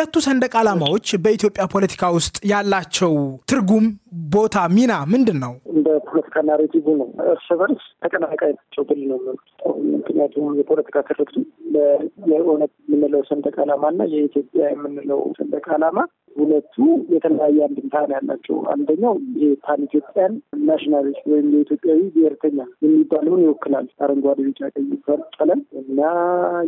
ሁለቱ ሰንደቅ ዓላማዎች በኢትዮጵያ ፖለቲካ ውስጥ ያላቸው ትርጉም፣ ቦታ፣ ሚና ምንድን ነው? እንደ ፖለቲካ ናሬቲቭ ነው። እርስ በርስ ተቀናቃይ ናቸው ብል ነው። ምክንያቱም የፖለቲካ ትርክቱ የእውነት የምንለው ሰንደቅ ዓላማ እና የኢትዮጵያ የምንለው ሰንደቅ ዓላማ ሁለቱ የተለያየ አንድምታ ያላቸው አንደኛው ይሄ ፓን ኢትዮጵያን ናሽናሊስት ወይም የኢትዮጵያዊ ብሔርተኛ የሚባለውን ይወክላል። አረንጓዴ፣ ቢጫ፣ ቀይ ቀለም እና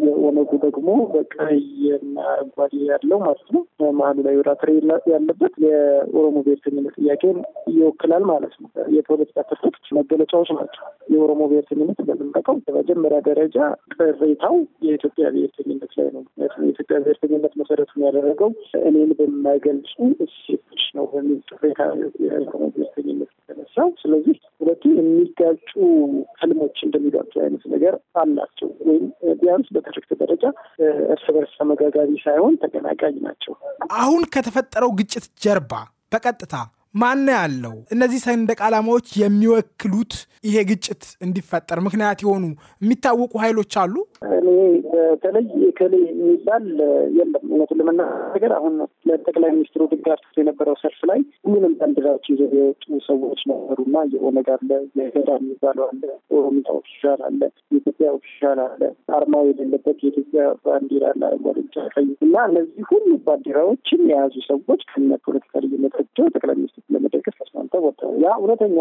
የኦነጉ ደግሞ በቀይና አረንጓዴ ያለው ማለት ነው። መሀሉ ላይ ወደ ያለበት የኦሮሞ ብሔርተኝነት ጥያቄን ይወክላል ማለት ነው። የፖለቲካ ትርክት መገለጫዎች ናቸው። የኦሮሞ ብሔርተኝነት እንደምንጠቀው በመጀመሪያ ደረጃ ቅሬታው የኢትዮጵያ ብሔርተኝነት ላይ ነው። ምክንያቱም የኢትዮጵያ ብሔርተኝነት መሰረቱን ያደረገው እኔን በማይገልጹ እሴቶች ነው በሚል ቅሬታ የኦሮሞ ብሔርተኝነት የተነሳው። ስለዚህ ሁለቱ የሚጋጩ ህልሞች እንደሚጋጩ አይነት ነገር አላቸው ወይም ቢያንስ በትርክት ደረጃ እርስ በርስ ተመጋጋቢ ሳይሆን ተቀናቃኝ ናቸው። አሁን ከተፈጠረው ግጭት ጀርባ በቀጥታ ማን ያለው? እነዚህ ሰንደቅ ዓላማዎች የሚወክሉት ይሄ ግጭት እንዲፈጠር ምክንያት የሆኑ የሚታወቁ ኃይሎች አሉ። እኔ በተለይ ከሌ የሚባል የለም። እውነቱን ለመናገር አሁን ለጠቅላይ ሚኒስትሩ ድጋፍ የነበረው ሰልፍ ላይ ሁሉንም ባንዲራዎች ይዘው የወጡ ሰዎች ነበሩ እና የኦነግ አለ፣ የገዳ የሚባለው አለ፣ ኦሮሚያ ኦፊሻል አለ፣ የኢትዮጵያ ኦፊሻል አለ፣ አርማ የሌለበት የኢትዮጵያ ባንዲራ አለ፣ አረንጓዴ፣ ቀይ እና እነዚህ ሁሉ ባንዲራዎችን የያዙ ሰዎች ከነ ፖለቲካ ልዩነታቸው ጠቅላይ ሚኒስትሩ ለመደገፍ ተስማምተው ወጥተዋል። ያ እውነተኛ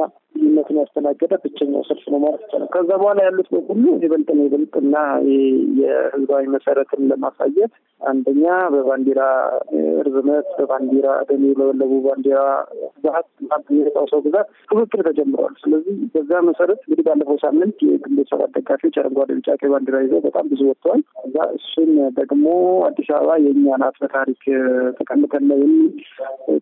ልዩነትን ያስተናገደ ብቸኛው ሰልፍ ነው ማለት ይቻላል። ከዛ በኋላ ያሉት ነው ሁሉ ይበልጥ ነው ይበልጥ እና የህዝባዊ መሰረትን ለማሳየት አንደኛ በባንዲራ ርዝመት፣ በባንዲራ ደሚ ባንዲራ ብዛት የሚወጣው ሰው ብዛት ክፍፍል ተጀምሯል። ስለዚህ በዛ መሰረት እንግዲህ ባለፈው ሳምንት የግንቦት ሰባት ደጋፊዎች አረንጓዴ፣ ቢጫ፣ ቀይ ባንዲራ ይዘው በጣም ብዙ ወጥተዋል። እዛ እሱን ደግሞ አዲስ አበባ የእኛ ናት በታሪክ ተቀምጠን ነው የሚል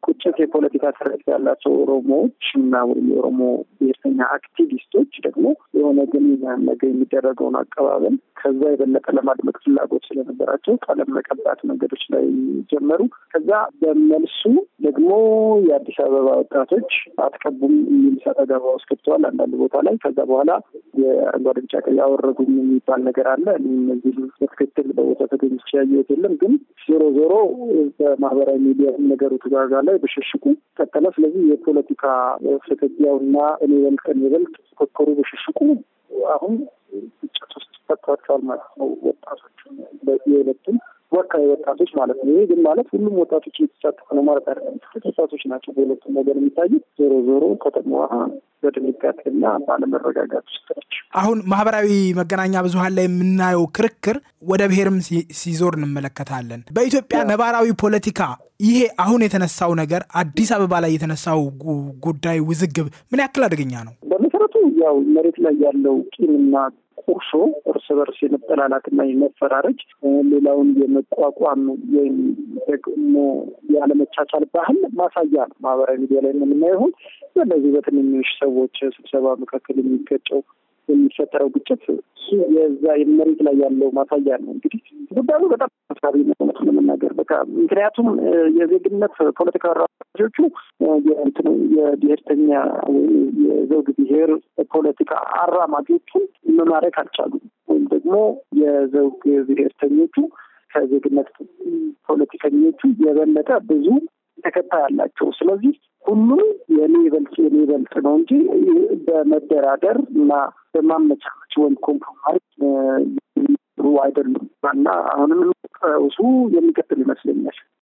ቁጭት የፖለቲካ ስረት ያላቸው ኦሮሞዎች እና ወይም የኦሮሞ ብሄርተኛ አክቲቪስቶች ደግሞ የሆነ ግን ነገ የሚደረገውን አቀባበል ከዛ የበለጠ ለማድመቅ ፍላጎት ስለነበራቸው ቀለም መቀባት መንገዶች ላይ ጀመሩ። ከዛ በመልሱ ደግሞ የአዲስ አበባ ወጣቶች አትቀቡም የሚል ሰጠ ገባ ውስጥ ገብተዋል አንዳንድ ቦታ ላይ። ከዛ በኋላ የአረንጓዴ ቢጫ ቀይ አወረዱም የሚባል ነገር አለ። እነዚህ በትክክል በቦታ ተገኝቼ ያየሁት የለም። ግን ዞሮ ዞሮ በማህበራዊ ሚዲያ ነገሩ ተጋጋ ላይ ብሽሽቁ ቀጠለ። ስለዚህ የፖለቲካ ፍትጊያውና እኔ በልጥ እኔ በልጥ ተኮሩ ብሽሽቁ አሁን ግጭት ውስጥ ፈጥቷቸዋል ማለት ነው ወጣቶቹ የሁለቱም ወካይ ወጣቶች ማለት ነው። ይህ ግን ማለት ሁሉም ወጣቶች እየተሳተፉ ነው ማለት አይደለም። ወጣቶች ናቸው በሁለቱም ነገር የሚታዩት። ዞሮ ዞሮ ከተማዋ በድንጋጤ እና ባለመረጋጋት ውስጥ አሁን ማህበራዊ መገናኛ ብዙሀን ላይ የምናየው ክርክር ወደ ብሔርም ሲዞር እንመለከታለን። በኢትዮጵያ ነባራዊ ፖለቲካ ይሄ አሁን የተነሳው ነገር አዲስ አበባ ላይ የተነሳው ጉዳይ ውዝግብ ምን ያክል አደገኛ ነው? ያው መሬት ላይ ያለው ቂምና ቁርሾ እርስ በርስ የመጠላላትና የመፈራረጅ ሌላውን የመቋቋም ወይም ደግሞ ያለመቻቻል ባህል ማሳያ ነው። ማህበራዊ ሚዲያ ላይ የምናየው በእነዚህ በትንንሽ ሰዎች ስብሰባ መካከል የሚገጨው የሚፈጠረው ግጭት የዛ መሬት ላይ ያለው ማሳያ ነው። እንግዲህ ጉዳዩ በጣም ሳቢ ነው ለመናገር ምክንያቱም የዜግነት ፖለቲካ አራማጆቹ የብሔርተኛ ወይም የዘውግ ብሄር ፖለቲካ አራማጆቹን መማረክ አልቻሉም። ወይም ደግሞ የዘውግ ብሄርተኞቹ ከዜግነት ፖለቲከኞቹ የበለጠ ብዙ ተከታይ አላቸው። ስለዚህ ሁሉም የኔ ይበልጥ የኔ ይበልጥ ነው እንጂ በመደራደር እና በማመቻች ወይም ኮምፕሮማይዝ አይደሉም እና አሁንም ቀውሱ የሚቀጥል ይመስለኛል።